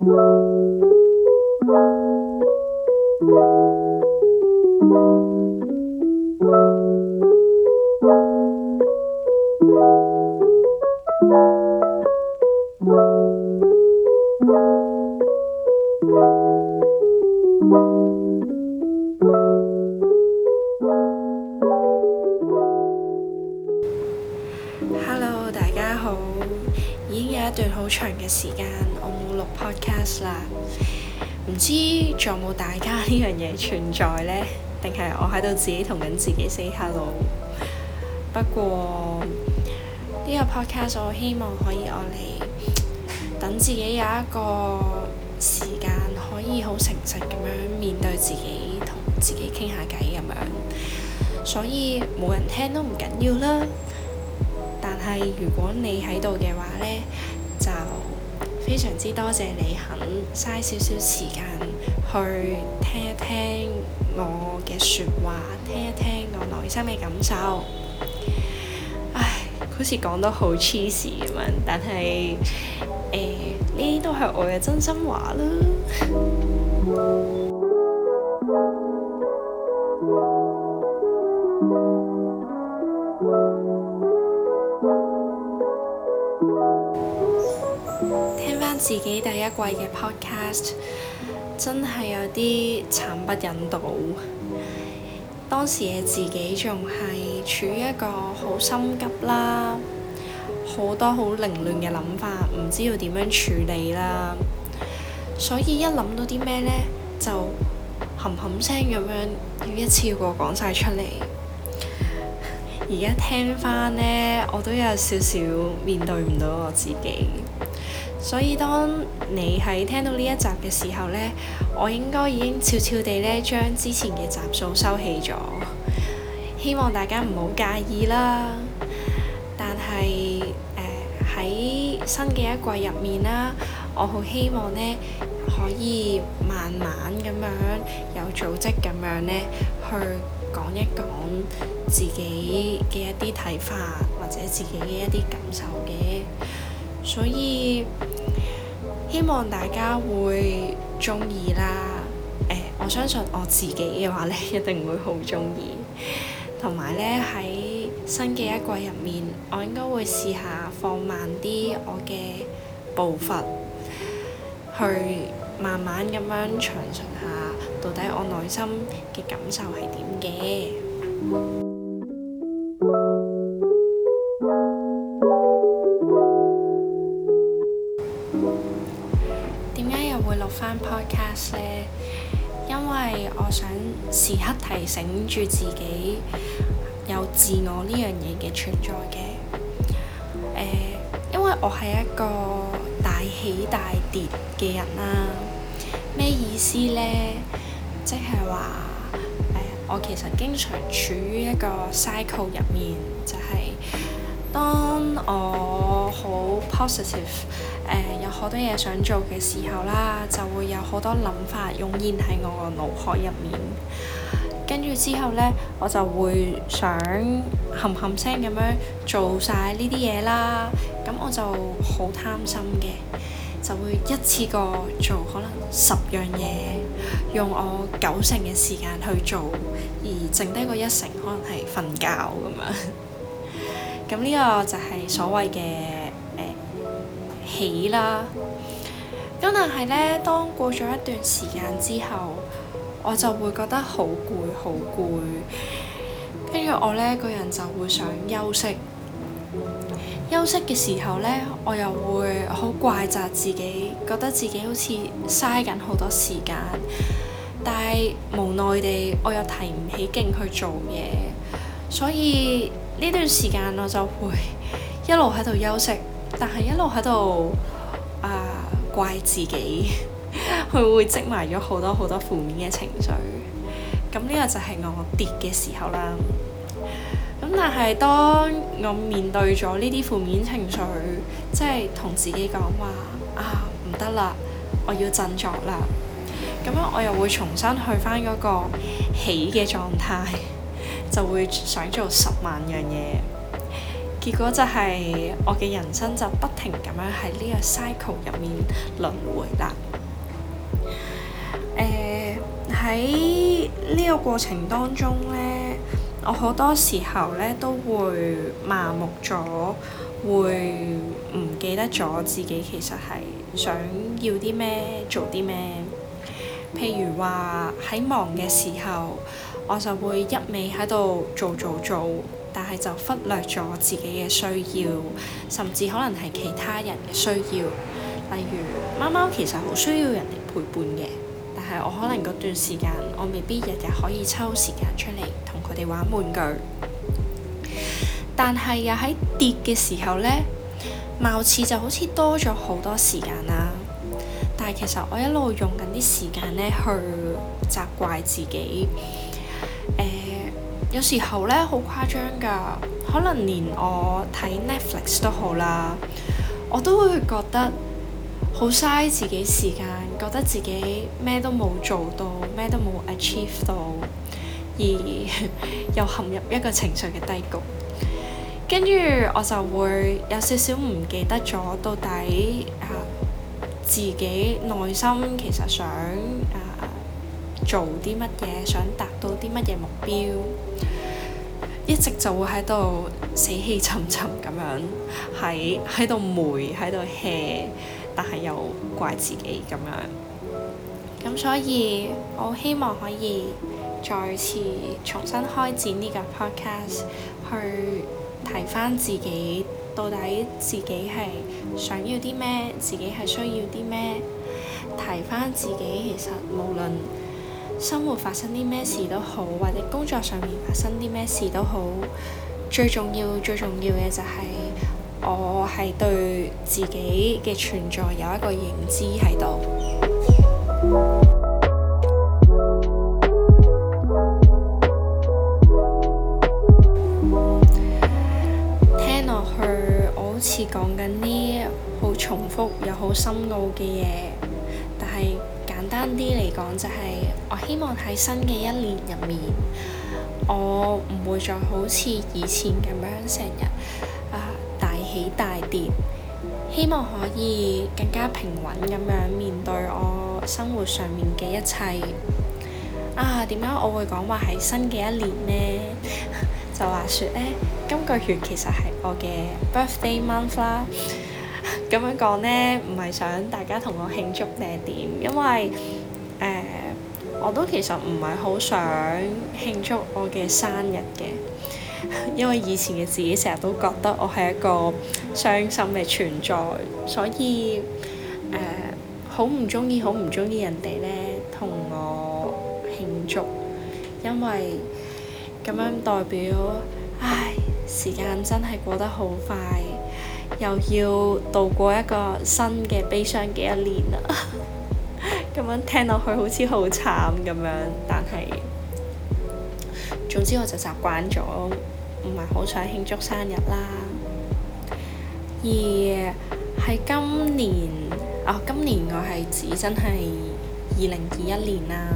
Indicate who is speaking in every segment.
Speaker 1: Hello，大家好。已經有一段好長嘅時間，podcast 啦，唔知仲有冇大家呢樣嘢存在呢？定係我喺度自己同緊自己 say hello。不過呢個 podcast，我希望可以我嚟等自己有一個時間可以好誠實咁樣面對自己，同自己傾下偈咁樣。所以冇人聽都唔緊要啦。但係如果你喺度嘅話呢，就～非常之多謝你肯嘥少少時間去聽一聽我嘅説話，聽一聽我內心嘅感受。唉，好似講得好 cheesy 咁樣，但係誒呢啲都係我嘅真心話啦。 自己第一季嘅 podcast 真係有啲慘不忍睹。當時嘅自己仲係處於一個好心急啦，好多好凌亂嘅諗法，唔知要點樣處理啦。所以一諗到啲咩咧，就冚冚聲咁樣要一次過講晒出嚟。而家聽翻咧，我都有少少面對唔到我自己。所以當你喺聽到呢一集嘅時候呢，我應該已經悄悄地呢將之前嘅集數收起咗。希望大家唔好介意啦。但係喺、呃、新嘅一季入面啦，我好希望呢可以慢慢咁樣有組織咁樣呢去講一講自己嘅一啲睇法或者自己嘅一啲感受嘅。所以希望大家會中意啦。欸，我相信我自己嘅話呢，一定會好中意。同埋呢，喺新嘅一季入面，我應該會試下放慢啲我嘅步伐，去慢慢咁樣詳述下，到底我內心嘅感受係點嘅。會錄翻 podcast 咧，因為我想時刻提醒住自己有自我呢樣嘢嘅存在嘅。誒、呃，因為我係一個大起大跌嘅人啦。咩意思咧？即係話誒，我其實經常處於一個 cycle 入面，就係、是。當我好 positive，呃，有好多嘢想做嘅時候啦，就會有好多諗法湧現喺我個腦海入面。跟住之後呢，我就會想冚冚聲咁樣做晒呢啲嘢啦。咁我就好貪心嘅，就會一次過做可能十樣嘢，用我九成嘅時間去做，而剩低嗰一成可能係瞓覺咁樣。咁呢個就係所謂嘅、呃、起啦。咁但係呢，當過咗一段時間之後，我就會覺得好攰，好攰。跟住我呢個人就會想休息。休息嘅時候呢，我又會好怪責自己，覺得自己好似嘥緊好多時間。但係無奈地，我又提唔起勁去做嘢，所以。呢段時間我就會一路喺度休息，但係一路喺度啊，怪自己，佢 會積埋咗好多好多負面嘅情緒。咁呢個就係我跌嘅時候啦。咁但係當我面對咗呢啲負面情緒，即係同自己講話，啊，唔得啦，我要振作啦。咁樣我又會重新去返嗰個起嘅狀態。就會想做十萬樣嘢，結果就係我嘅人生就不停咁樣喺呢個 cycle 入面輪迴啦。呃、喺呢個過程當中呢，我好多時候呢都會麻木咗，會唔記得咗自己其實係想要啲咩，做啲咩。譬如話喺忙嘅時候。我就會一味喺度做做做，但係就忽略咗自己嘅需要，甚至可能係其他人嘅需要。例如貓貓其實好需要人哋陪伴嘅，但係我可能嗰段時間我未必日日可以抽時間出嚟同佢哋玩玩具。但係又喺跌嘅時候呢，貌似就好似多咗好多時間啦。但係其實我一路用緊啲時間呢去責怪自己。有時候咧，好誇張㗎，可能連我睇 Netflix 都好啦，我都會覺得好嘥自己時間，覺得自己咩都冇做到，咩都冇 achieve 到，而 又陷入一個情緒嘅低谷，跟住我就會有少少唔記得咗到底啊自己內心其實想做啲乜嘢，想達到啲乜嘢目標，一直就會喺度死氣沉沉咁樣喺喺度，霉，喺度 hea，但係又怪自己咁樣。咁所以我希望可以再次重新開展呢個 podcast，去提翻自己到底自己係想要啲咩，自己係需要啲咩，提翻自己其實無論。生活發生啲咩事都好，或者工作上面發生啲咩事都好，最重要最重要嘅就係、是、我係對自己嘅存在有一個認知喺度。聽落去，我好似講緊啲好重複又好深奧嘅嘢。簡單啲嚟講就係、是、我希望喺新嘅一年入面，我唔會再好似以前咁樣成日啊大起大跌，希望可以更加平穩咁樣面對我生活上面嘅一切。啊，點解我會講話喺新嘅一年呢？ 就話說呢，今個月其實係我嘅 birthday month 啦。咁樣講呢，唔係想大家同我慶祝定係點，因為、呃、我都其實唔係好想慶祝我嘅生日嘅，因為以前嘅自己成日都覺得我係一個傷心嘅存在，所以好唔中意好唔中意人哋呢同我慶祝，因為咁樣代表，唉，時間真係過得好快。又要度過一個新嘅悲傷嘅一年啦，咁 樣聽落去好似好慘咁樣。但係總之我就習慣咗，唔係好想慶祝生日啦。而係今年啊、哦，今年我係指真係二零二一年啦。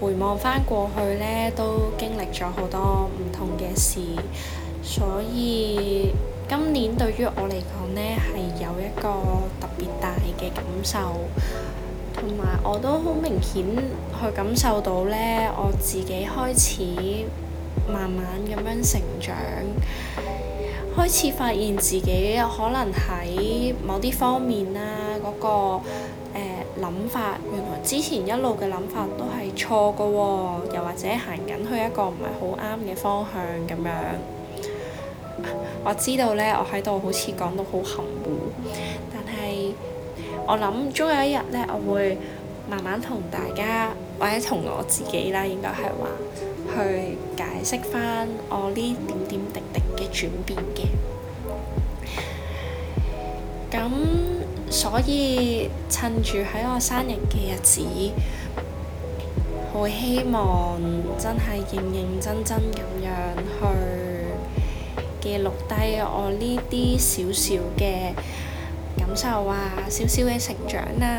Speaker 1: 回望翻過去呢，都經歷咗好多唔同嘅事，所以，於我嚟講呢，係有一個特別大嘅感受，同埋我都好明顯去感受到呢，我自己開始慢慢咁樣成長，開始發現自己有可能喺某啲方面啦、啊，嗰、嗰個誒諗、呃、法，原來之前一路嘅諗法都係錯㗎喎，又或者行緊去一個唔係好啱嘅方向咁樣。我知道呢，我喺度好似講到好含糊，但係我諗終有一日呢，我會慢慢同大家或者同我自己啦，應該係話去解釋翻我呢點點滴滴嘅轉變嘅。咁所以趁住喺我生日嘅日子，好希望真係認認真真咁樣去。嘅錄低我呢啲少少嘅感受啊，少少嘅成長啊，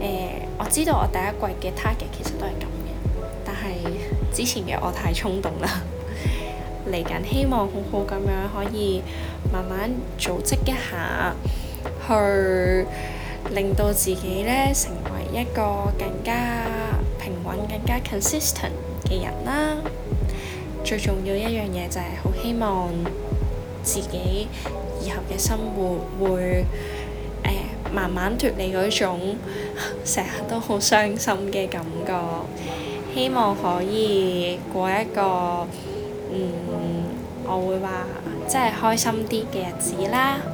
Speaker 1: 呃，我知道我第一季嘅 target 其實都係咁嘅，但係之前嘅我太衝動啦，嚟 緊希望好好咁樣可以慢慢組織一下，去令到自己呢成為一個更加平穩、更加 consistent 嘅人啦。最重要一樣嘢就係好希望自己以後嘅生活會誒、呃、慢慢脫離嗰種成日 都好傷心嘅感覺，希望可以過一個嗯，我會話即係開心啲嘅日子啦～